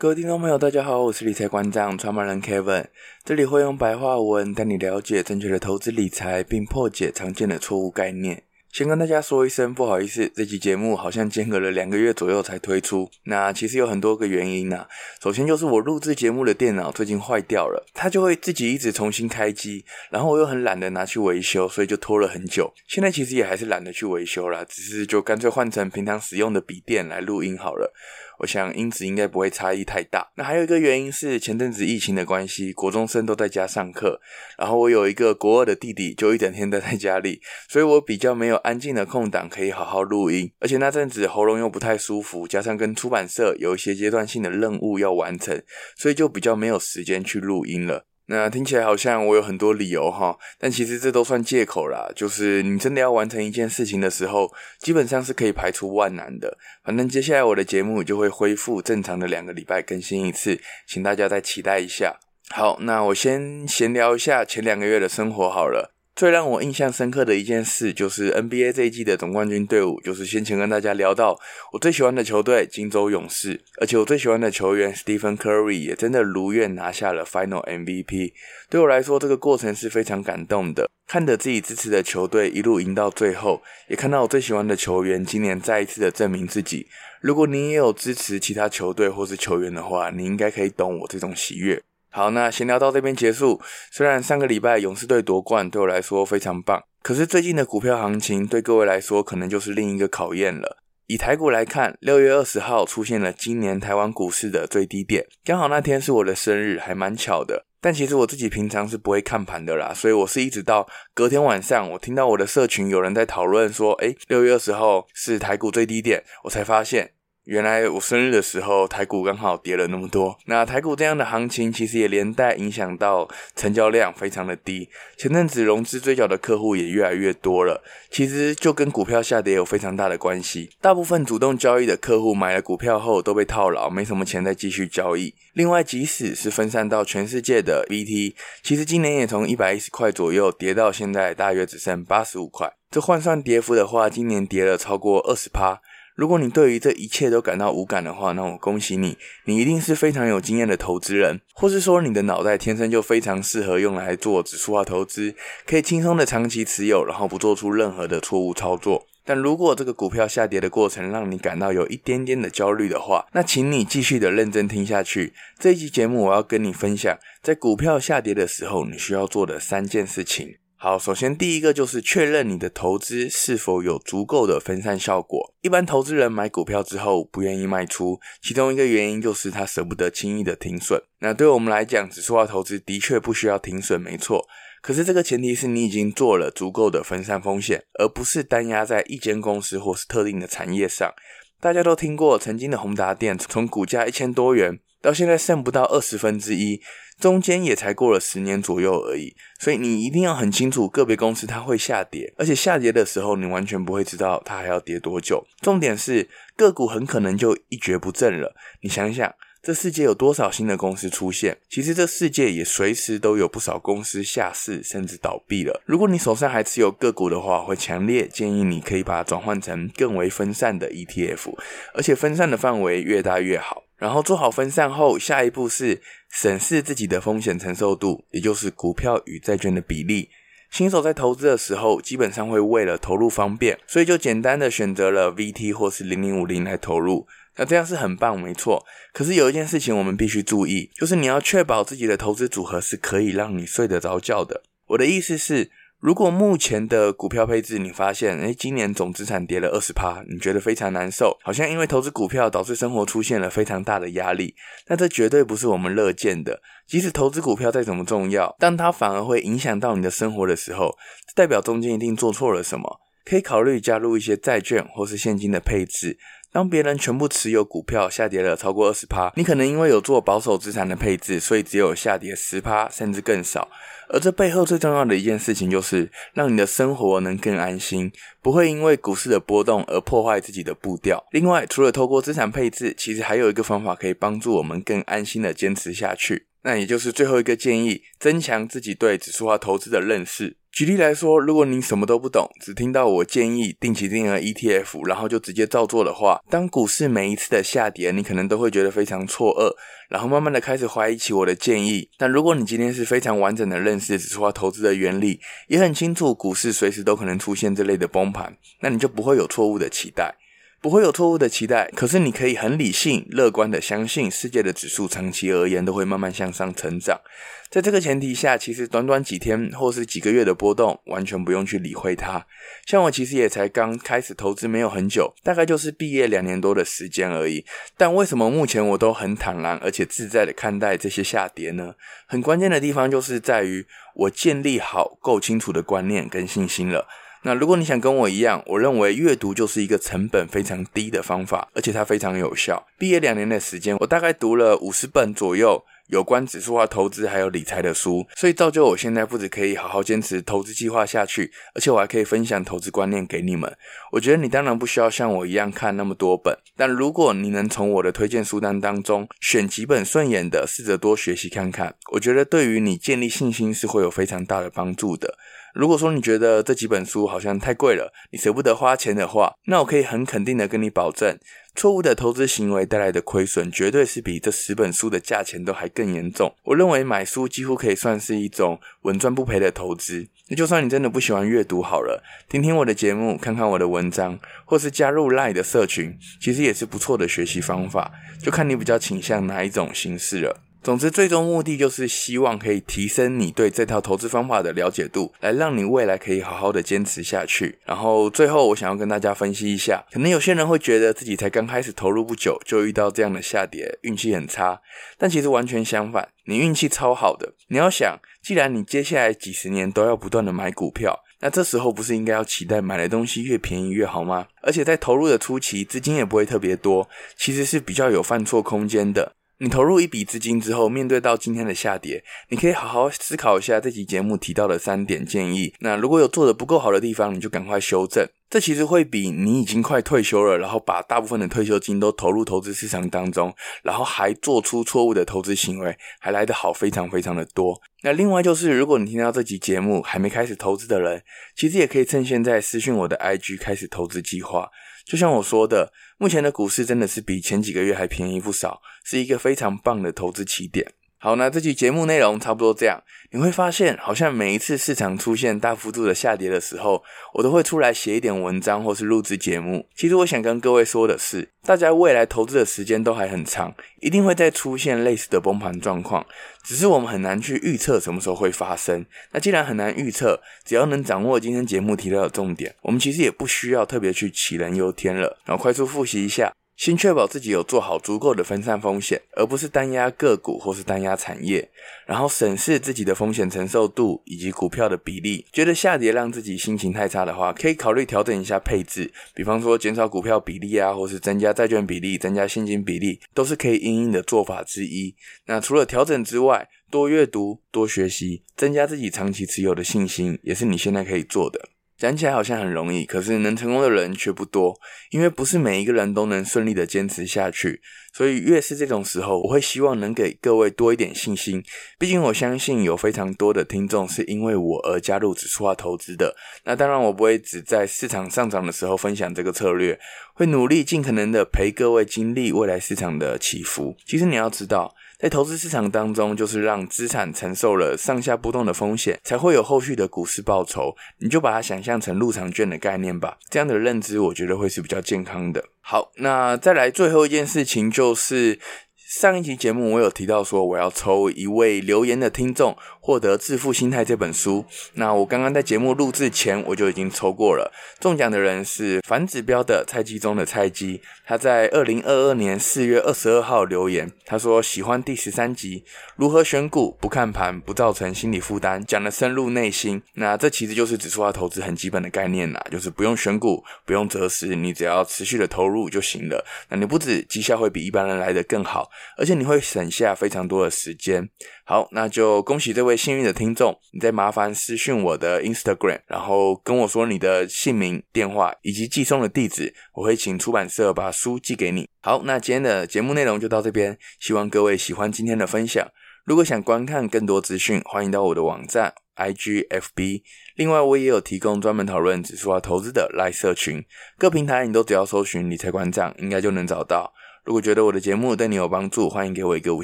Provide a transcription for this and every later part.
各位聽眾朋友，大家好，我是理財館長創辦人 Kevin，這裡會用白話文帶你了解正確的投資理財，並破解常見的錯誤概念。先跟大家說一聲，不好意思，這期節目好像間隔了兩個月左右才推出。那其實有很多個原因啊，首先就是我錄制節目的電腦最近壞掉了，它就會自己一直重新開機，然後我又很懶得拿去維修，所以就拖了很久。現在其實也還是懶得去維修啦，只是就乾脆換成平常使用的筆電來錄音好了。我想，因此應該不會差異太大。那還有一個原因是，前陣子疫情的關係，國中生都在家上課，然後我有一個國二的弟弟，就一整天待在家裡，所以我比較沒有安靜的空檔可以好好錄音。而且那陣子喉嚨又不太舒服，加上跟出版社有一些階段性的任務要完成，所以就比較沒有時間去錄音了。那聽起來好像我有很多理由哈，但其實這都算借口啦。就是你真的要完成一件事情的時候，基本上是可以排除萬難的。反正接下來我的節目就會恢復正常的兩個禮拜更新一次，請大家再期待一下。好，那我先閒聊一下前兩個月的生活好了。最讓我印象深刻的一件事，就是 NBA 這一季的總冠軍隊伍，就是先前跟大家聊到我最喜歡的球隊金州勇士，而且我最喜歡的球員 Stephen Curry 也真的如願拿下了 Final MVP。對我來說，這個過程是非常感動的，看着自己支持的球隊一路贏到最後，也看到我最喜歡的球員今年再一次的證明自己。如果你也有支持其他球隊或是球員的話，你應該可以懂我這種喜悅。好，那閒聊到這邊結束。雖然上個禮拜勇士隊奪冠對我來說非常棒，可是最近的股票行情對各位來說可能就是另一個考驗了。以台股來看，六月二十號出現了今年台灣股市的最低點，剛好那天是我的生日，還蠻巧的。但其實我自己平常是不會看盤的啦，所以我是一直到隔天晚上，我聽到我的社群有人在討論說，欸，六月二十號是台股最低點，我才發現。原來我生日的時候，台股剛好跌了那麼多。那台股這樣的行情，其實也連帶影響到成交量非常的低。前陣子融資追繳的客戶也越來越多了，其實就跟股票下跌有非常大的關係。大部分主動交易的客戶買了股票後都被套牢，沒什麼錢再繼續交易。另外，即使是分散到全世界的 VT，其實今年也從一百一十塊左右跌到現在大約只剩八十五塊。這換算跌幅的話，今年跌了超過二十趴。如果你對於這一切都感到無感的話，那我恭喜你，你一定是非常有經驗的投資人，或是說你的腦袋天生就非常適合用來做指數化投資，可以輕鬆的長期持有，然後不做出任何的錯誤操作。但如果這個股票下跌的過程讓你感到有一點點的焦慮的話，那請你繼續的認真聽下去。這一集節目我要跟你分享，在股票下跌的時候，你需要做的三件事情。好，首先第一個就是確認你的投資是否有足夠的分散效果。一般投資人買股票之後不願意賣出，其中一個原因就是他捨不得輕易的停損。那對我們來講，指數化投資的確不需要停損，沒錯。可是這個前提是你已經做了足夠的分散風險，而不是單押在一間公司或是特定的產業上。大家都聽過曾經的宏達電從股價一千多元。到現在剩不到二十分之一，中間也才過了十年左右而已，所以你一定要很清楚，個別公司它會下跌，而且下跌的時候你完全不會知道它還要跌多久。重點是個股很可能就一蹶不振了。你想想，這世界有多少新的公司出現？其實這世界也隨時都有不少公司下市甚至倒閉了。如果你手上還持有個股的話，會強烈建議你可以把它轉換成更為分散的 ETF，而且分散的範圍越大越好。然後做好分散後，下一步是審視自己的風險承受度，也就是股票與債券的比例。新手在投資的時候，基本上會為了投入方便，所以就簡單的選擇了 VT 或是0050來投入。那這樣是很棒，沒錯。可是有一件事情我們必須注意，就是你要確保自己的投資組合是可以讓你睡得着覺的。我的意思是。如果目前的股票配置，你發現哎，今年總資產跌了二十趴，你覺得非常難受，好像因為投資股票導致生活出現了非常大的壓力。那這絕對不是我們樂見的。即使投資股票再怎麼重要，但它反而會影響到你的生活的時候，這代表中間一定做錯了什麼。可以考慮加入一些債券或是現金的配置。當別人全部持有股票下跌了超過二十趴，你可能因為有做保守資產的配置，所以只有下跌十趴甚至更少。而這背後最重要的一件事情，就是讓你的生活能更安心，不會因為股市的波動而破壞自己的步調。另外，除了透過資產配置，其實還有一個方法可以幫助我們更安心的堅持下去，那也就是最後一個建議：增強自己對指數化投資的認識。舉例來說，如果你什麼都不懂，只聽到我建議定期定額 ETF，然後就直接照做的話，當股市每一次的下跌，你可能都會覺得非常錯愕，然後慢慢的開始懷疑起我的建議。但如果你今天是非常完整的認識指數化投資的原理，也很清楚股市隨時都可能出現這類的崩盤，那你就不會有錯誤的期待。不會有錯誤的期待，可是你可以很理性、樂觀地相信世界的指數長期而言都會慢慢向上成長。在這個前提下，其實短短幾天或是幾個月的波動，完全不用去理會它。像我其實也才剛開始投資沒有很久，大概就是畢業兩年多的時間而已。但為什麼目前我都很坦然而且自在地看待這些下跌呢？很關鍵的地方就是在於我建立好夠清楚的觀念跟信心了。那如果你想跟我一樣，我認為閱讀就是一個成本非常低的方法，而且它非常有效。畢業兩年的時間，我大概讀了五十本左右有關指數化投資還有理財的書，所以造就我現在不只可以好好堅持投資計劃下去，而且我還可以分享投資觀念給你們。我覺得你當然不需要像我一樣看那麼多本，但如果你能從我的推薦書單當中選幾本順眼的，試着多學習看看，我覺得對於你建立信心是會有非常大的幫助的。如果說你覺得這幾本書好像太貴了，你捨不得花錢的話，那我可以很肯定的跟你保證，錯誤的投資行為帶來的虧損，絕對是比這十本書的價錢都還更嚴重。我認為買書幾乎可以算是一種穩賺不賠的投資。那就算你真的不喜歡閱讀好了，聽聽我的節目，看看我的文章，或是加入 LINE 的社群，其實也是不錯的學習方法，就看你比較傾向哪一種形式了。總之，最終目的就是希望可以提升你對這套投資方法的了解度，來讓你未來可以好好的堅持下去。然後，最後我想要跟大家分析一下，可能有些人會覺得自己才剛開始投入不久就遇到這樣的下跌，運氣很差。但其實完全相反，你運氣超好的。你要想，既然你接下來幾十年都要不斷的買股票，那這時候不是應該要期待買的東西越便宜越好嗎？而且在投入的初期，資金也不會特別多，其實是比較有犯錯空間的。你投入一筆資金之後，面對到今天的下跌，你可以好好思考一下這期節目提到的三點建議。那如果有做得不夠好的地方，你就趕快修正。這其實會比你已經快退休了，然後把大部分的退休金都投入投資市場當中，然後還做出錯誤的投資行為，還來得好非常非常的多。那另外就是，如果你聽到這期節目還沒開始投資的人，其實也可以趁現在私訊我的 IG 開始投資計劃。就像我說的。目前的股市真的是比前幾個月還便宜不少，是一個非常棒的投資起點。好，那這期節目內容差不多這樣。你會發現，好像每一次市場出現大幅度的下跌的時候，我都會出來寫一點文章或是錄製節目。其實我想跟各位說的是，大家未來投資的時間都還很長，一定會再出現類似的崩盤狀況，只是我們很難去預測什麼時候會發生。那既然很難預測，只要能掌握今天節目提到的重點，我們其實也不需要特別去杞人憂天了。然後快速複習一下。先確保自己有做好足夠的分散風險，而不是單壓個股或是單壓產業。然後審視自己的風險承受度以及股票的比例，覺得下跌讓自己心情太差的話，可以考慮調整一下配置，比方說，減少股票比例啊，或是增加債券比例、增加現金比例，都是可以因應的做法之一。那除了調整之外，多閱讀、多學習，增加自己長期持有的信心，也是你現在可以做的。講起來好像很容易，可是能成功的人卻不多，因為不是每一個人都能順利的堅持下去。所以越是這種時候，我會希望能給各位多一點信心。畢竟我相信有非常多的聽眾是因為我而加入指數化投資的。那當然，我不會只在市場上漲的時候分享這個策略，會努力盡可能的陪各位經歷未來市場的起伏。其實你要知道。在投資市場當中，就是讓資產承受了上下波動的風險，才會有後續的股市報酬。你就把它想象成入場券的概念吧。這樣的認知，我覺得會是比較健康的。好，那再來最後一件事情，就是上一期節目我有提到說，我要抽一位留言的聽眾。獲得《致富心態》這本書。那我剛剛在節目錄製前，我就已經抽過了。中獎的人是反指標的菜雞中的菜雞，他在二零二二年四月二十二號留言，他說喜歡第十三集如何選股，不看盤，不造成心理負擔，講的深入內心。那這其實就是指數化投資很基本的概念啦，就是不用選股，不用擇時，你只要持續的投入就行了。那你不止績效會比一般人來得更好，而且你會省下非常多的時間。好，那就恭喜這位。幸運的聽眾，你再麻煩私訊我的 Instagram，然後跟我說你的姓名、電話以及寄送的地址，我會請出版社把書寄給你。好，那今天的節目內容就到這邊，希望各位喜歡今天的分享。如果想觀看更多資訊，歡迎到我的網站 IGFB。另外，我也有提供專門討論指數化投資的 LINE 社群，各平台你都只要搜尋“理財館長”應該就能找到。如果覺得我的節目對你有幫助，歡迎給我一個五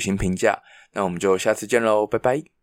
星評價。那我們就下次見嘍，拜拜。